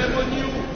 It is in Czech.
ceremoniu